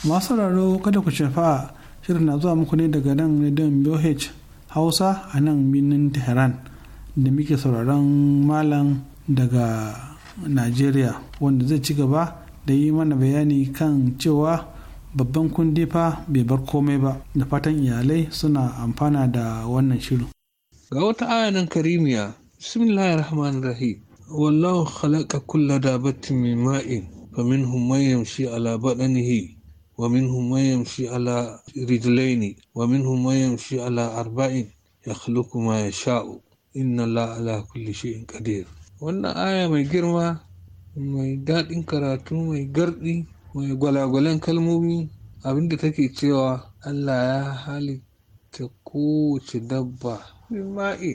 masu sauraro kada ku shafa shirin na zuwa muku ne daga nan rediyon BOH Hausa a nan birnin Tehran da muke sauraron malam daga Najeriya wanda zai ci gaba da yi mana bayani kan cewa babban kundi fa bai bar komai ba da fatan iyalai suna amfana da wannan shiru. Ga wata ayanin karimiya, Bismillahirrahmanirrahim. Wallahu khalaqa kulla dabatin min ma'in, faminhum man yamshi ala badanihi ومنهم من يمشي على رجلين ومنهم من يمشي على أربع يخلق ما يشاء إن الله على كل wannan aya mai girma mai daɗin karatu mai garɗi mai gwalagwalen kalmomi abinda take cewa allah ya halitta kowace dabba ma'i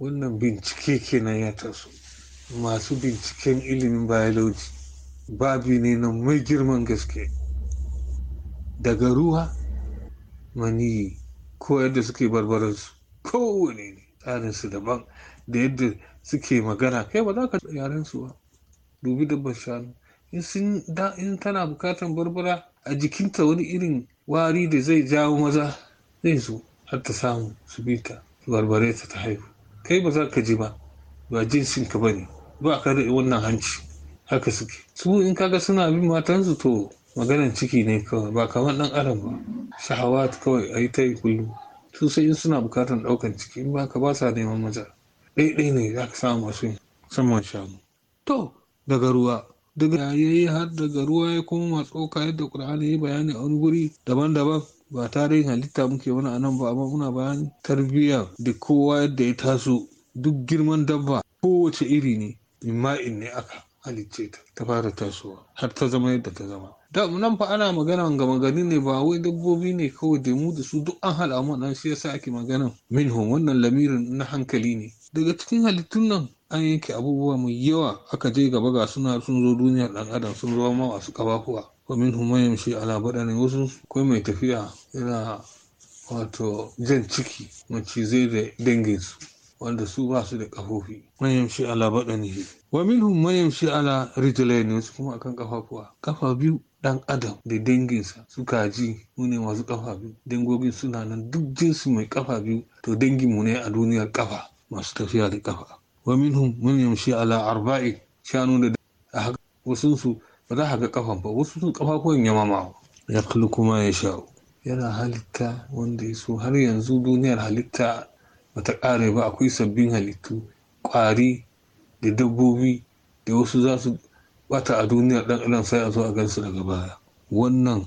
wannan bincike kenan ya taso masu binciken ilimin biology Babu ne na mai girman gaske daga ruwa maniyi ko yadda suke barbaransu kowane ne tsarinsu daban da yadda suke magana kai ba za ka yarensu ba dubi dabbar shanu in tana bukatan barbara a jikinta wani irin wari da zai jawo maza zai zo har ta samu su bi ta barbare ta ta haihu kai ba za ka ji ba ba jinsin ka ne. ba ka da wannan hanci haka suke su in kaga suna bin matansu to maganan ciki ne kawai ba kamar ɗan adam ba shahawat kawai ayi ta yi kullum su sai in suna bukatar ɗaukar ciki in ba ba sa neman maza ɗaiɗai ne za ka samu masu yin saman shanu to daga ruwa daga yayi har daga ruwa ya kuma matsoka yadda ƙur'ani ya bayani a wani guri daban-daban ba tarihin halitta muke wani a nan ba amma muna bayan tarbiyya da kowa yadda ya taso duk girman dabba kowace iri ne imma'in ne aka halicce ta ta fara tasowa har ta zama yadda ta zama da nan fa ana magana gama gari ne ba wai dabbobi ne kawai da mu da su duk an hada mu dan shi yasa ake magana minhum wannan lamirin na hankali ne daga cikin halittun nan an yanke abubuwa mai yawa aka je gaba ga suna sun zo duniyar dan adam sun zo ma masu kabakuwa wa minhum man yamshi ala badani wasu ko mai tafiya yana wato jan ciki zai da su wanda su ba su da kafofi man yamshi ala badani wa minhum man yamshi ala rijlaini wasu kuma akan kafafuwa kafa biyu ɗan adam da danginsa su kaji mu ne masu kafa biyu dangogin suna nan duk jinsu mai kafa biyu to dangin mu ne a duniyar kafa masu tafiya da kafa wa minhum mun yamshi ala arba'i shanu da haka wasu su ba za ga kafan ba wasu sun kafa ko ya mama ya kuma ya sha'o. yana halitta wanda ya so har yanzu duniyar halitta bata ƙare ba akwai sabbin halittu ƙwari da dabbobi da wasu za su bata a duniya dan adam sai a zo a gansu daga baya wannan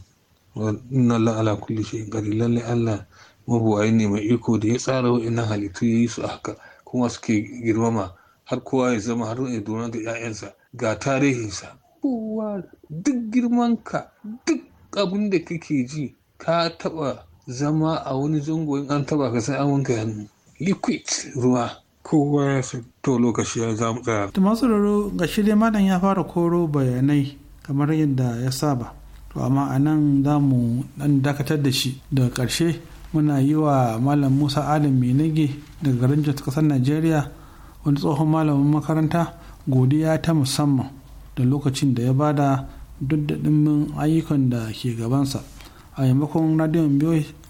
inna la ala kulli shay'in qadir lalle Allah mabuwayi ne mai iko da ya tsara wa'annan halittu ya yi su a haka kuma suke girmama har kowa ya zama har ya dona ga 'ya'yansa ga tarihinsa kowa duk ka duk abin da kake ji ka taba zama a wani zango in an taba ka sai an wanka hannu liquid ruwa kowa ya to lokaci ya zamu tsaya. To masu raro ga shirya malam ya fara koro bayanai kamar yadda ya saba. To amma a nan za mu dan dakatar da shi daga ƙarshe muna yi wa malam Musa Adam Menage daga garin Jos ƙasar Najeriya wani tsohon malamin makaranta godiya ta musamman da lokacin da ya bada duk da ɗimbin ayyukan da ke gabansa a yammakon radiyon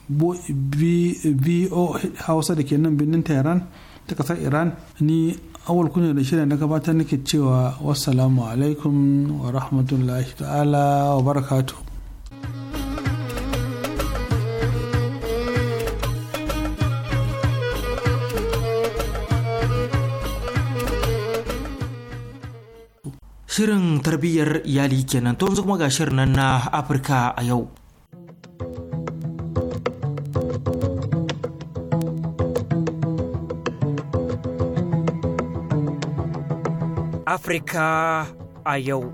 voa hausa da ke nan birnin tehran ta ƙasar iran ni awal kunya da shirya na gabatar nake cewa wassalamu alaikum wa rahmatullahi ta'ala wa barakatu Shirin tarbiyyar iyali kenan to kuma ga shirin nan na Afirka a yau. Afirka a yau.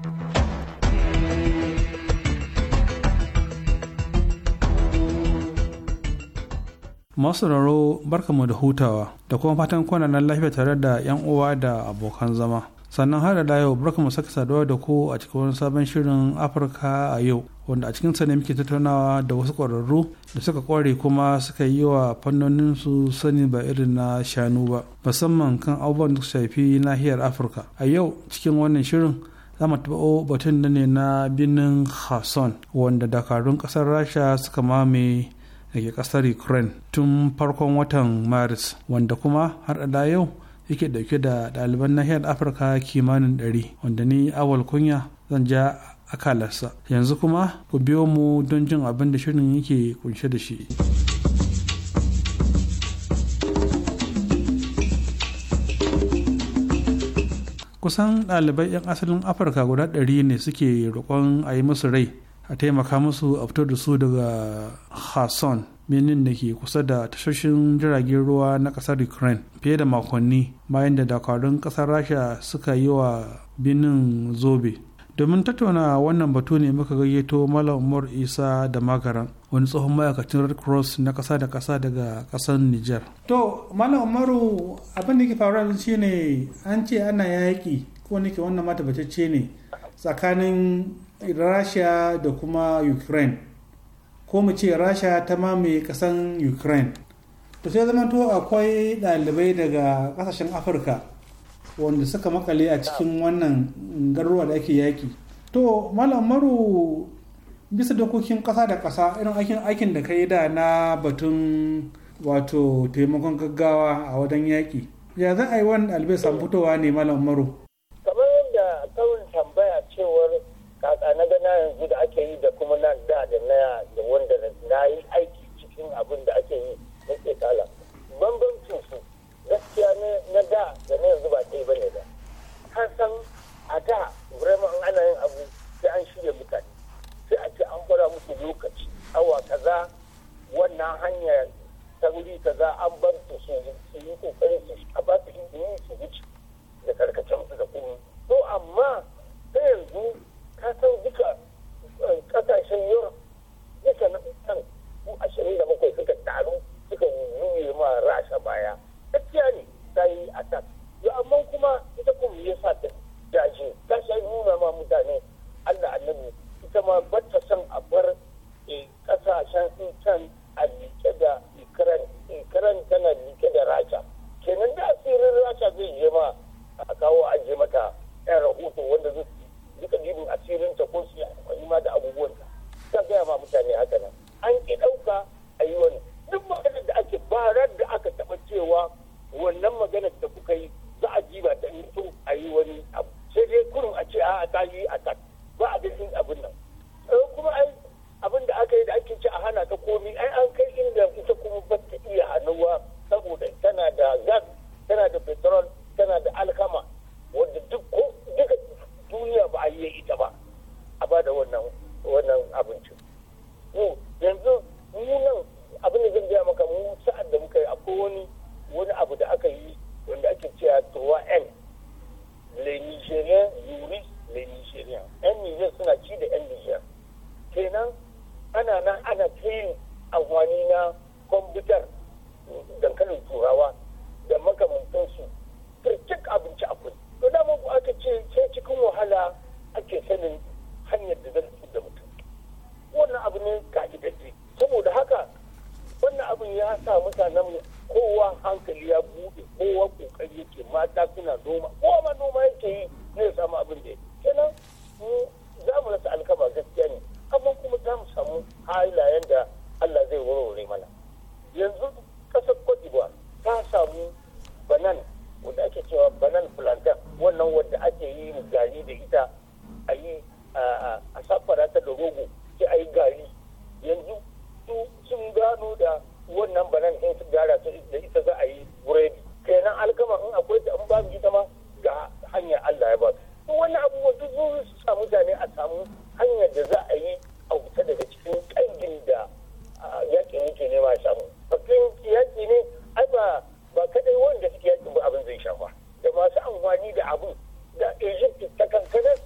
Masu raro barkamu da hutawa da kuma fatan kwanan lafiya tare da 'yan uwa da abokan zama. sannan har da yau barka mu saka saduwa da ku a cikin sabon shirin afirka a yau wanda a cikinsa ne muke tattaunawa da wasu ƙwararru da suka ƙware kuma suka yi wa fannoninsu sani ba irin na shanu ba musamman kan abubuwan da shafi nahiyar afirka a yau cikin wannan shirin za mu taɓa batun da ne na birnin hason. wanda dakarun ƙasar rasha suka mame da ke ƙasar ukraine tun farkon watan maris wanda kuma har da yau yake dauke da ɗaliban nahiyar afirka kimanin ɗari wanda ni awal kunya zan ja akalarsa yanzu kuma ku biyo mu don jin abin da shirin yake kunshe da shi kusan ɗalibai 'yan asalin afirka guda ɗari ne suke roƙon a yi musu rai a taimaka musu a fito da su daga hassan birnin da ke kusa da tashoshin jiragen ruwa na ƙasar ukraine fiye da makonni bayan da dakarun ƙasar rasha suka yi wa binin zobe domin tattauna wannan batu ne muka gayyato malam umar isa da magaran wani tsohon ma'aikacin red cross na kasa da kasa daga kasar niger to malam umaru abin da ke faruwa shi ne an ce ana yaƙi ko ke wannan mata batacce ne tsakanin rasha da kuma ukraine ko mu ce rasha ta mamaye kasan ukraine to sai zama to akwai ɗalibai daga ƙasashen afirka wanda suka makale a cikin wannan garuruwa da ake yaki to malam maru bisa dokokin kasa da kasa irin aikin aikin da ka yi da na batun wato taimakon gaggawa a wajen yaki ya za a yi wani ɗalibai samu fitowa ne malam maru kamar yadda kawai tambaya cewar kaka na gana yanzu da ake yi da kuma na da da na da wanda na yi aiki cikin abin da ake yi na kala bambam gaskiya na da da na yanzu ba ɗaya ba ne ba har san a da vraiment ana yin abu sai an shirya mutane sai a ce an fara musu lokaci awa kaza wannan hanya ta wuri kaza an bar su su yi kokarin su a ba su yi su wuce da karkacin su da kuma to amma ta yanzu ka san duka kasashen eh, yau duka na kan ashirin da bakwai suka taru suka yi ma rasha baya gaskiya ne ta yi attack yo amma kuma ita kuma sa ta daje ta shi nuna ma mutane Allah annabi ita ma ta son a bar kasashen eh, kan a liƙe da ukraine ukraine tana liƙe da rasha kenan da asirin rasha zai je ma a kawo aje mata yan rahoto wanda zai duka jibin asirin ta ko su yi ma da abubuwan ta gaya ma mutane haka nan an ki ɗauka a yi wani duk maganar da ake barar da aka taɓa cewa wannan maganar da kuka yi za a jiba ta yi tun a yi wani abu sai dai kurum a ce a ta yi a ta ba a ganin abin nan eh, kuma ai abin da aka yi da ake ci a hana ta komi ai an kai inda ita kuma ba ta iya hannuwa saboda tana da gas tana da petrol tana da alkama wadda duk ko duka duniya ba a yi ita ba a ba da wannan wannan abincin yanzu mu nan abin da zan gaya maka mu sa'ad da muka yi akwai wani wani abu da aka yi wanda ake cewa towa n le nigerian yuri le nigerian yan nigerian suna ci da yan nigerian kenan ana nan ana ta yin amfani na kwamfutar dankalin turawa da makamantansu kirkik abinci kudi to dama ku aka ce sai cikin wahala ake sanin hanyar da zan da mutum wannan abu ne ka'idaddi saboda haka wannan abin ya sa mutanen kowa hankali ya buɗe kowa kokari yake mata suna noma kowa noma yake yi zai samu abin da kenan mu za mu rasa alkaba gaskiya ne amma kuma za mu samu halayen da Allah zai warware mana yanzu kasar Cote ta samu banan wanda ake cewa banan plantain wannan wanda ake yi gari da ita a yi a safara ta da rogo sai a yi gari yanzu sun gano da wannan banan in su gara da ita za a yi buredi kenan alkama in akwai ta in babu ita ma ga hanyar Allah ya ba su wannan abubuwan duk zuwa su samu mutane a samu hanyar da za a yi a wuta daga cikin kangin da yakin yake nema a samu bakin yaƙi ne ai ba ba kadai wanda suke yaƙi ba abin zai shafa da masu amfani da abu da Egypt ta kankanar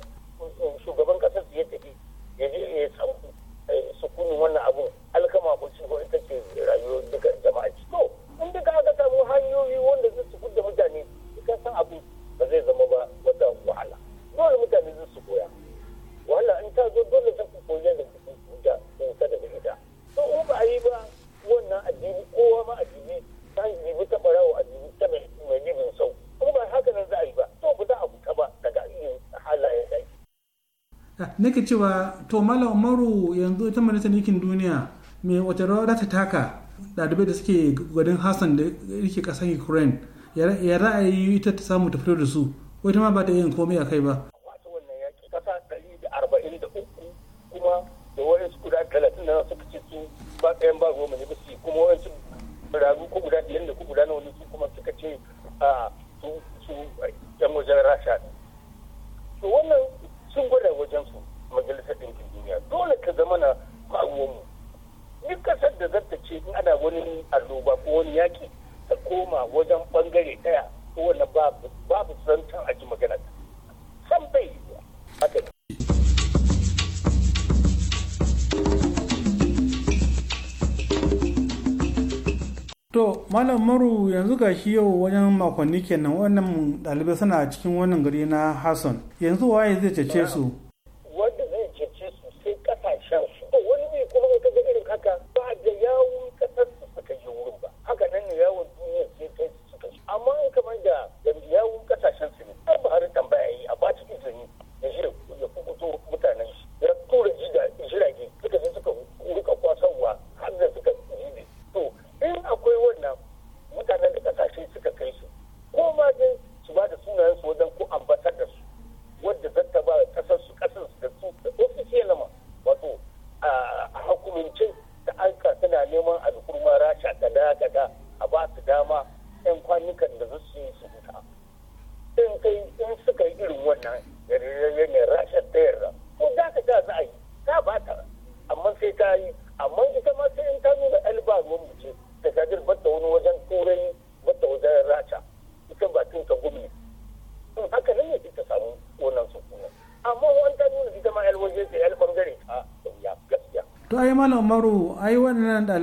shugaban kasar ya tafi ya je ya samu Eh, sukunin wannan abun alkama ko ko ita ce rayuwar duka jama'a ci to in duka aka samu hanyoyi wanda zai su da mutane ka san abu ba zai zama ba wata wahala dole mutane zai su koya wahala in ta zo dole ta ku koya da da kusa da ita to in ba a yi ba wannan addini kowa ma addini ta yi ta barawo addini ta mai mai sau kuma ba haka nan za a yi nake cewa to malam umaru yanzu ita majalisar ɗinkin duniya me wata da ta taka ɗalibai da suke gwadin hassan da yake ƙasar ukraine ya ra'ayi ita ta samu ta fito da su ko ita ma ba ta yin komai a kai ba. wata wannan yaƙi ƙasa ɗari da arba'in da uku kuma da waɗansu guda talatin na suka ce su ba ɗayan ba goma ne ba su kuma waɗansu ragu ko guda biyar da ko guda nawa ne su kuma suka ce a ah, su yan wajen rasha ne. da zata ce in ana wani alloba ko wani yaki ta koma wajen bangare daya ko wani babu babu zantan aji magana san bai haka To, Malam Maru yanzu ga shi yau wajen makonni kenan wannan dalibai suna cikin wannan gari na Hassan. Yanzu waye zai cece su?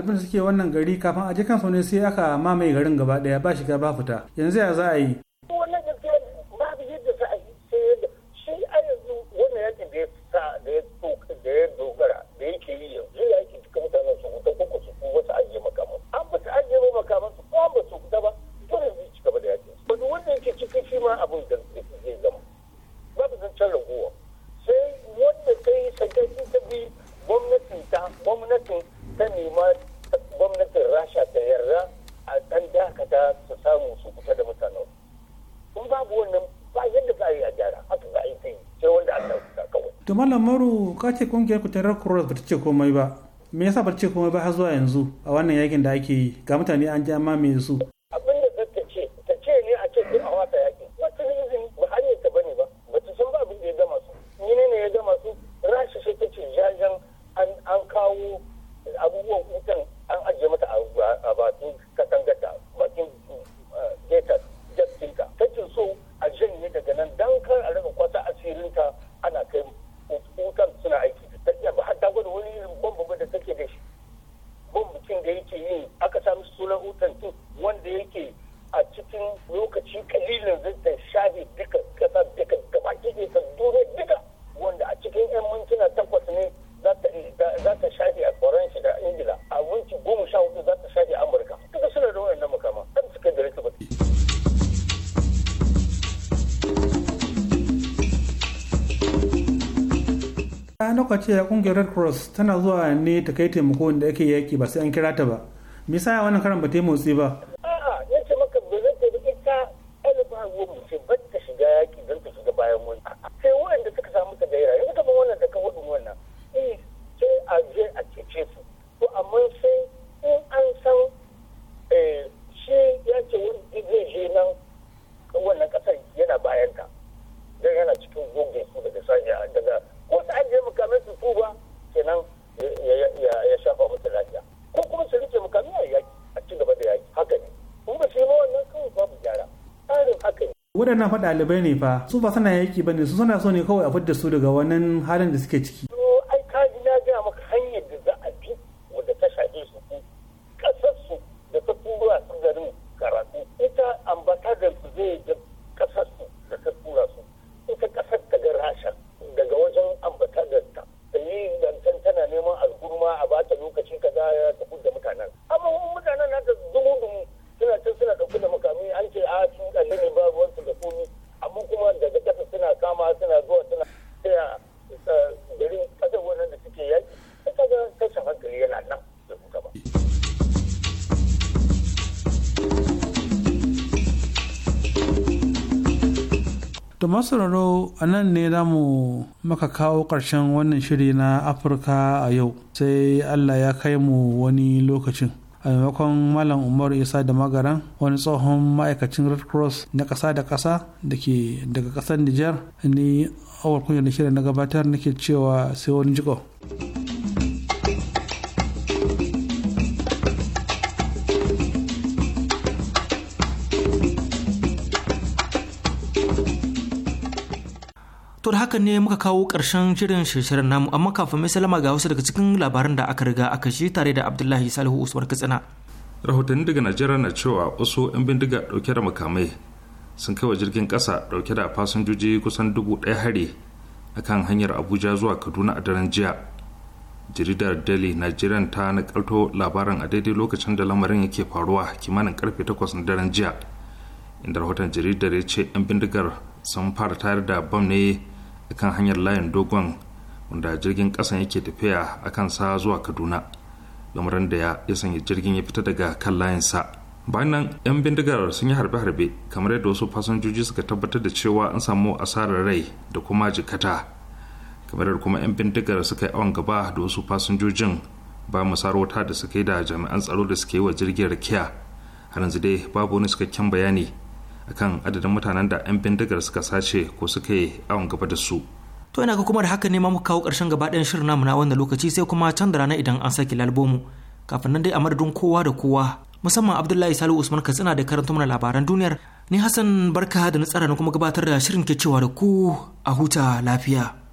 da suke wannan gari kafin a je kansu ne sai aka mamaye garin gaba ɗaya ba shiga ba fita yanzu ya za a yi ka ce kungiyar ku ta red ba ta ce komai ba me yasa ba ta ce komai ba har zuwa yanzu a wannan yakin da ake yi ga mutane an ja mamaye su gaskiya kungiyar red cross tana zuwa ne ta kai taimako da ake yaki ba sai an kira ta ba me wannan karan ba ta yi motsi ba waɗannan fa ɗalibai ne fa su ba suna yaki ne su suna so ne kawai a fidda su daga wannan halin da suke ciki sauraro raro a nan ne za mu maka kawo ƙarshen wannan shiri na afirka a yau sai allah ya kai mu wani lokacin a maimakon malam umar isa da magaran wani tsohon ma'aikacin red cross na ƙasa da ƙasa da ke daga ƙasar nijar ni awar kunya da shirin na gabatar nake cewa sai wani jiko haka ne muka kawo karshen shirin shirin namu amma kafin mai salama ga wasu daga cikin labaran da aka riga aka shi tare da Abdullahi Salihu Usman Katsina. Rahotanni daga Najeriya na cewa wasu 'yan bindiga dauke da makamai sun kai wa jirgin kasa ɗauke da fasinjoji kusan dubu ɗaya hari kan hanyar Abuja zuwa Kaduna a daren jiya. Jaridar delhi Nigerian ta nakalto labarin a daidai lokacin da lamarin yake faruwa kimanin karfe takwas na daren jiya. Inda rahoton jaridar ya ce 'yan bindigar sun fara tayar da bam ne kan hanyar layin dogon wanda jirgin kasan yake tafiya a sa zuwa kaduna lamarin da ya sanya jirgin ya fita daga kan layinsa bayan nan 'yan bindigar sun yi harbe-harbe kamar yadda wasu fasinjoji suka tabbatar da cewa an samu asarar rai da kuma jikata kamar yadda kuma 'yan bindigar suka yi awon gaba da wasu fasinjojin ba musarauta da suka yi da jami'an tsaro da suka yi wa jirgin rakiya har yanzu dai babu wani cikakken bayani akan adadin mutanen da 'yan bindigar suka sace ko suka yi awon gaba da su to ina ga kuma da haka ne ma muka kawo ƙarshen gaba ɗayan shirin namu na wannan lokaci sai kuma can da rana idan an sake lalbomu kafin nan dai a madadin kowa da kowa musamman abdullahi salihu usman katsina da karanta mana labaran duniyar ni hassan barka da na tsara na kuma gabatar da shirin ke cewa da ku a huta lafiya